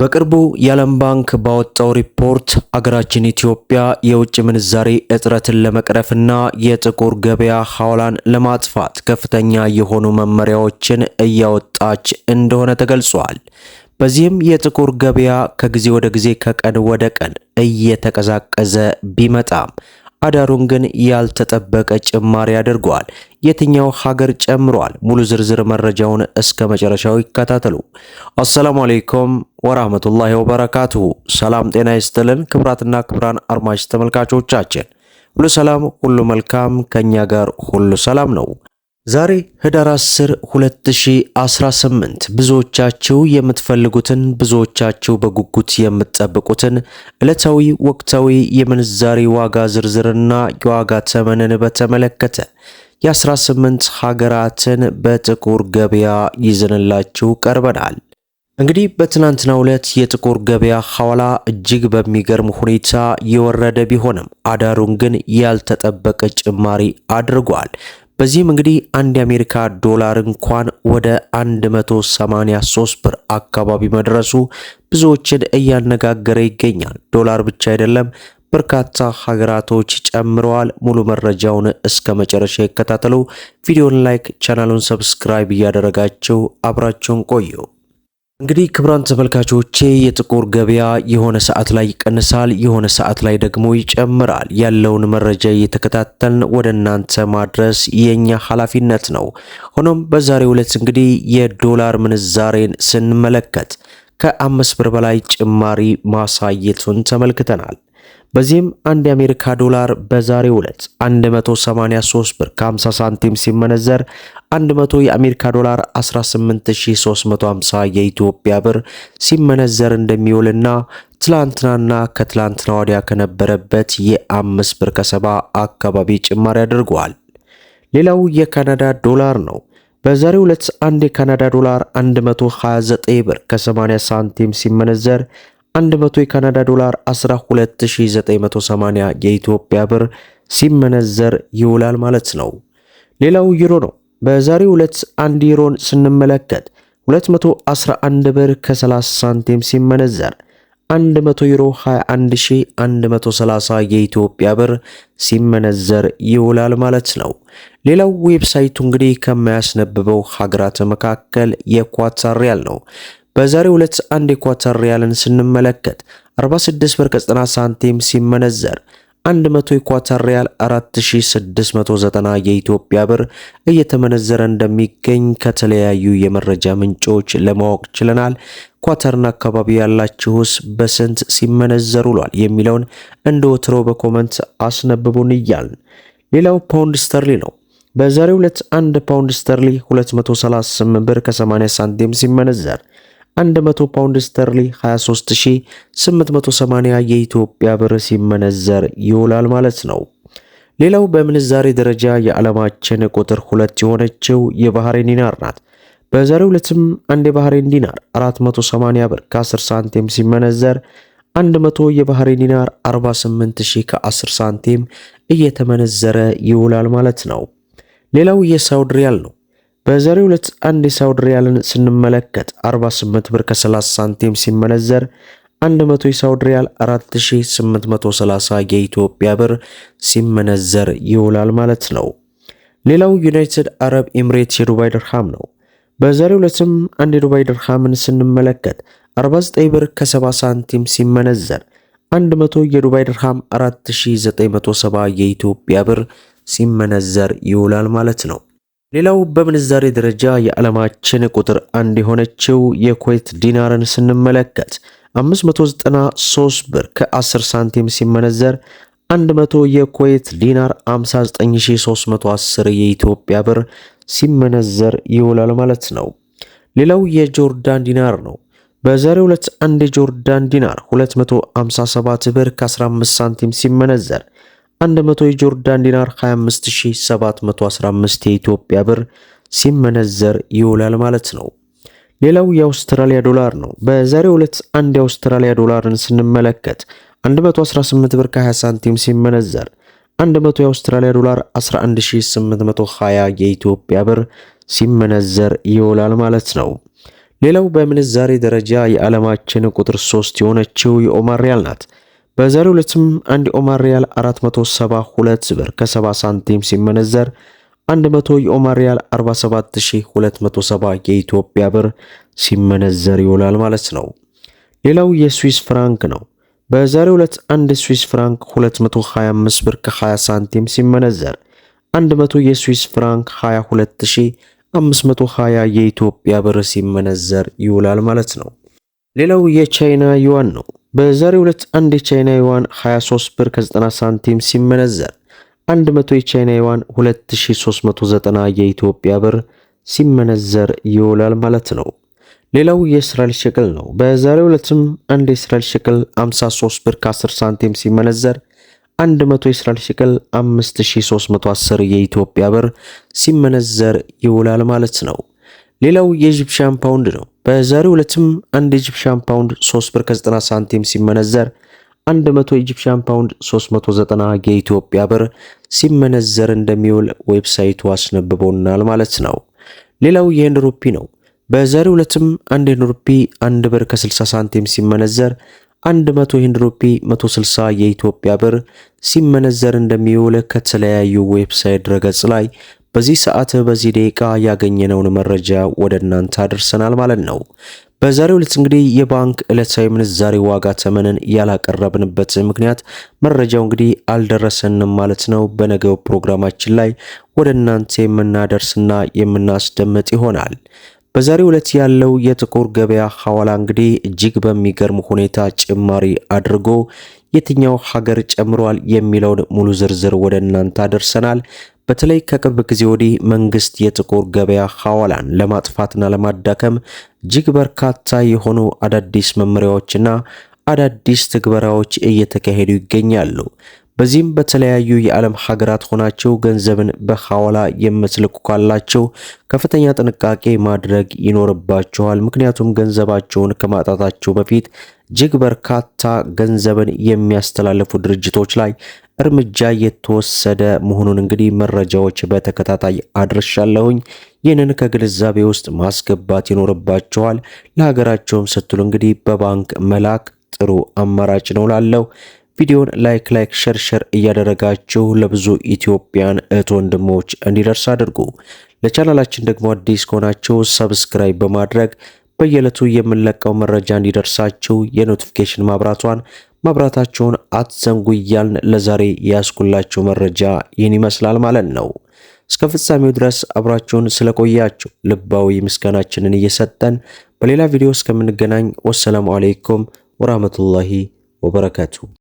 በቅርቡ የዓለም ባንክ ባወጣው ሪፖርት አገራችን ኢትዮጵያ የውጭ ምንዛሬ እጥረትን ለመቅረፍና የጥቁር ገበያ ሐዋላን ለማጥፋት ከፍተኛ የሆኑ መመሪያዎችን እያወጣች እንደሆነ ተገልጿል። በዚህም የጥቁር ገበያ ከጊዜ ወደ ጊዜ ከቀን ወደ ቀን እየተቀዛቀዘ ቢመጣም አዳሩን ግን ያልተጠበቀ ጭማሪ አድርጓል። የትኛው ሀገር ጨምሯል? ሙሉ ዝርዝር መረጃውን እስከ መጨረሻው ይከታተሉ። አሰላሙ አሌይኩም ወራህመቱላሂ ወበረካቱሁ። ሰላም ጤና ይስጥልን ክብራትና ክብራን አድማጭ ተመልካቾቻችን ሁሉ ሰላም ሁሉ መልካም፣ ከኛ ጋር ሁሉ ሰላም ነው። ዛሬ ህዳር 10 2018 ብዙዎቻችሁ የምትፈልጉትን ብዙዎቻችሁ በጉጉት የምትጠብቁትን ዕለታዊ ወቅታዊ የምንዛሬ ዋጋ ዝርዝርና የዋጋ ተመንን በተመለከተ የ18 ሀገራትን በጥቁር ገበያ ይዘንላችሁ ቀርበናል። እንግዲህ በትናንትናው ዕለት የጥቁር ገበያ ሐዋላ እጅግ በሚገርም ሁኔታ የወረደ ቢሆንም አዳሩን ግን ያልተጠበቀ ጭማሪ አድርጓል። በዚህም እንግዲህ አንድ የአሜሪካ ዶላር እንኳን ወደ 183 ብር አካባቢ መድረሱ ብዙዎችን እያነጋገረ ይገኛል። ዶላር ብቻ አይደለም፣ በርካታ ሀገራቶች ጨምረዋል። ሙሉ መረጃውን እስከ መጨረሻ ይከታተሉ። ቪዲዮን ላይክ፣ ቻናሉን ሰብስክራይብ እያደረጋችሁ አብራችሁን ቆዩ። እንግዲህ ክብራን ተመልካቾቼ የጥቁር ገበያ የሆነ ሰዓት ላይ ይቀንሳል፣ የሆነ ሰዓት ላይ ደግሞ ይጨምራል። ያለውን መረጃ እየተከታተልን ወደ እናንተ ማድረስ የኛ ኃላፊነት ነው። ሆኖም በዛሬው ዕለት እንግዲህ የዶላር ምንዛሬን ስንመለከት ከአምስት ብር በላይ ጭማሪ ማሳየቱን ተመልክተናል። በዚህም አንድ የአሜሪካ ዶላር በዛሬው ዕለት 183 ብር ከ50 ሳንቲም ሲመነዘር 100 የአሜሪካ ዶላር 18350 የኢትዮጵያ ብር ሲመነዘር እንደሚውልና ትላንትናና ከትላንትና ወዲያ ከነበረበት የአምስት ብር ከሰባ አካባቢ ጭማሪ አድርጓል። ሌላው የካናዳ ዶላር ነው። በዛሬው ዕለት አንድ የካናዳ ዶላር 129 ብር ከ80 ሳንቲም ሲመነዘር 100 የካናዳ ዶላር 12980 የኢትዮጵያ ብር ሲመነዘር ይውላል ማለት ነው። ሌላው ዩሮ ነው። በዛሬው ዕለት አንድ ዩሮን ስንመለከት 211 ብር ከ30 ሳንቲም ሲመነዘር 100 ዩሮ 21130 የኢትዮጵያ ብር ሲመነዘር ይውላል ማለት ነው። ሌላው ዌብሳይቱ እንግዲህ ከማያስነብበው ሀገራት መካከል የኳታር ሪያል ነው። በዛሬው ዕለት አንድ የኳታር ሪያልን ስንመለከት 46 ብር ከ90 ሳንቲም ሲመነዘር 100 የኳታር ሪያል 4690 የኢትዮጵያ ብር እየተመነዘረ እንደሚገኝ ከተለያዩ የመረጃ ምንጮች ለማወቅ ችለናል። ኳተርና አካባቢ ያላችሁስ በስንት ሲመነዘር ውሏል የሚለውን እንደ ወትሮ በኮመንት አስነብቡን እያልን ሌላው ፓውንድ ስተርሊ ነው። በዛሬው ዕለት 1 ፓውንድ ስተርሊ 238 ብር ከ80 ሳንቲም ሲመነዘር 100 ፓውንድ ስተርሊ 23880 የኢትዮጵያ ብር ሲመነዘር ይውላል ማለት ነው። ሌላው በምንዛሬ ደረጃ የዓለማችን ቁጥር ሁለት የሆነችው የባህሬን ዲናር ናት። በዛሬው ዕለትም አንድ የባህሬን ዲናር 480 ብር ከ10 ሳንቲም ሲመነዘር 100 የባህሬን ዲናር 48000 ከ10 ሳንቲም እየተመነዘረ ይውላል ማለት ነው። ሌላው የሳውዲ ሪያል ነው። በዛሬው ዕለት አንድ የሳውዲ ሪያልን ስንመለከት 48 ብር ከ30 ሳንቲም ሲመነዘር 100 የሳውዲ ሪያል 4830 የኢትዮጵያ ብር ሲመነዘር ይውላል ማለት ነው። ሌላው ዩናይትድ አረብ ኤምሬትስ የዱባይ ድርሃም ነው። በዛሬው ዕለትም አንድ የዱባይ ድርሃምን ስንመለከት 49 ብር ከ70 ሳንቲም ሲመነዘር 100 የዱባይ ድርሃም 4970 የኢትዮጵያ ብር ሲመነዘር ይውላል ማለት ነው። ሌላው በምንዛሬ ደረጃ የዓለማችን ቁጥር አንድ የሆነችው የኩዌት ዲናርን ስንመለከት 593 ብር ከ10 ሳንቲም ሲመነዘር 100 የኩዌት ዲናር 59310 የኢትዮጵያ ብር ሲመነዘር ይውላል ማለት ነው። ሌላው የጆርዳን ዲናር ነው። በዛሬው ዕለት አንድ የጆርዳን ዲናር 257 ብር ከ15 ሳንቲም ሲመነዘር 100 የጆርዳን ዲናር 25715 የኢትዮጵያ ብር ሲመነዘር ይውላል ማለት ነው። ሌላው የአውስትራሊያ ዶላር ነው። በዛሬው ዕለት አንድ የአውስትራሊያ ዶላርን ስንመለከት 118 ብር ከ20 ሳንቲም ሲመነዘር 100 የአውስትራሊያ ዶላር 11820 የኢትዮጵያ ብር ሲመነዘር ይውላል ማለት ነው። ሌላው በምንዛሬ ደረጃ የዓለማችን ቁጥር 3 የሆነችው የኦማር ሪያል ናት። በዛሬው ዕለትም አንድ የኦማር ሪያል 472 ብር ከ70 ሳንቲም ሲመነዘር 100 የኦማር ሪያል 47270 የኢትዮጵያ ብር ሲመነዘር ይውላል ማለት ነው። ሌላው የስዊስ ፍራንክ ነው። በዛሬው ዕለት አንድ ስዊስ ፍራንክ 225 ብር ከ20 ሳንቲም ሲመነዘር 100 የስዊስ ፍራንክ 22520 የኢትዮጵያ ብር ሲመነዘር ይውላል ማለት ነው። ሌላው የቻይና ዩዋን ነው። በዛሬው ዕለት አንድ የቻይና ዩዋን 23 ብር ከ90 ሳንቲም ሲመነዘር 100 የቻይና ዩዋን 2390 የኢትዮጵያ ብር ሲመነዘር ይውላል ማለት ነው። ሌላው የእስራኤል ሽቅል ነው። በዛሬው ዕለትም አንድ የእስራኤል ሸቅል 53 ብር ከ10 ሳንቲም ሲመነዘር 100 የእስራኤል ሸቅል 5310 የኢትዮጵያ ብር ሲመነዘር ይውላል ማለት ነው። ሌላው የኢጂፕሽያን ፓውንድ ነው። በዛሬው ዕለትም አንድ ኢጂፕሽያን ፓውንድ 3 ብር ከ90 ሳንቲም ሲመነዘር 100 ኢጂፕሽያን ፓውንድ 390 የኢትዮጵያ ብር ሲመነዘር እንደሚውል ዌብሳይቱ አስነብቦናል ማለት ነው። ሌላው የህንድ ሩፒ ነው። በዛሬው ዕለትም አንድ የህንድ ሩፒ 1 ብር ከ60 ሳንቲም ሲመነዘር 100 ሂንድ ሩፒ 160 የኢትዮጵያ ብር ሲመነዘር እንደሚውል ከተለያዩ ዌብሳይት ድረገጽ ላይ በዚህ ሰዓት በዚህ ደቂቃ ያገኘነውን መረጃ ወደ እናንተ አድርሰናል ማለት ነው። በዛሬው ዕለት እንግዲህ የባንክ ዕለታዊ ምንዛሬ ዋጋ ተመንን ያላቀረብንበት ምክንያት መረጃው እንግዲህ አልደረሰንም ማለት ነው። በነገው ፕሮግራማችን ላይ ወደ እናንተ የምናደርስና የምናስደምጥ ይሆናል። በዛሬ ዕለት ያለው የጥቁር ገበያ ሐዋላ እንግዲህ እጅግ በሚገርም ሁኔታ ጭማሪ አድርጎ የትኛው ሀገር ጨምሯል የሚለውን ሙሉ ዝርዝር ወደ እናንተ አደርሰናል። በተለይ ከቅርብ ጊዜ ወዲህ መንግስት የጥቁር ገበያ ሐዋላን ለማጥፋትና ለማዳከም እጅግ በርካታ የሆኑ አዳዲስ መመሪያዎችና አዳዲስ ትግበራዎች እየተካሄዱ ይገኛሉ። በዚህም በተለያዩ የዓለም ሀገራት ሆናችሁ ገንዘብን በሐዋላ የምትልኩ ካላችሁ ከፍተኛ ጥንቃቄ ማድረግ ይኖርባችኋል። ምክንያቱም ገንዘባችሁን ከማጣታችሁ በፊት እጅግ በርካታ ገንዘብን የሚያስተላልፉ ድርጅቶች ላይ እርምጃ የተወሰደ መሆኑን እንግዲህ መረጃዎች በተከታታይ አድርሻለሁኝ። ይህንን ከግንዛቤ ውስጥ ማስገባት ይኖርባችኋል። ለሀገራቸውም ስትሉ እንግዲህ በባንክ መላክ ጥሩ አማራጭ ነው ላለው ቪዲዮን ላይክ ላይክ ሸርሸር እያደረጋችሁ ለብዙ ኢትዮጵያን እህት ወንድሞች እንዲደርስ አድርጉ። ለቻናላችን ደግሞ አዲስ ከሆናችሁ ሰብስክራይብ በማድረግ በየዕለቱ የምንለቀው መረጃ እንዲደርሳችሁ የኖቲፊኬሽን ማብራቷን ማብራታችሁን አትዘንጉ እያልን ለዛሬ ያስኩላችሁ መረጃ ይህን ይመስላል ማለት ነው። እስከ ፍጻሜው ድረስ አብራችሁን ስለቆያችሁ ልባዊ ምስጋናችንን እየሰጠን በሌላ ቪዲዮ እስከምንገናኝ ወሰላሙ አሌይኩም ወራህመቱላሂ ወበረከቱ።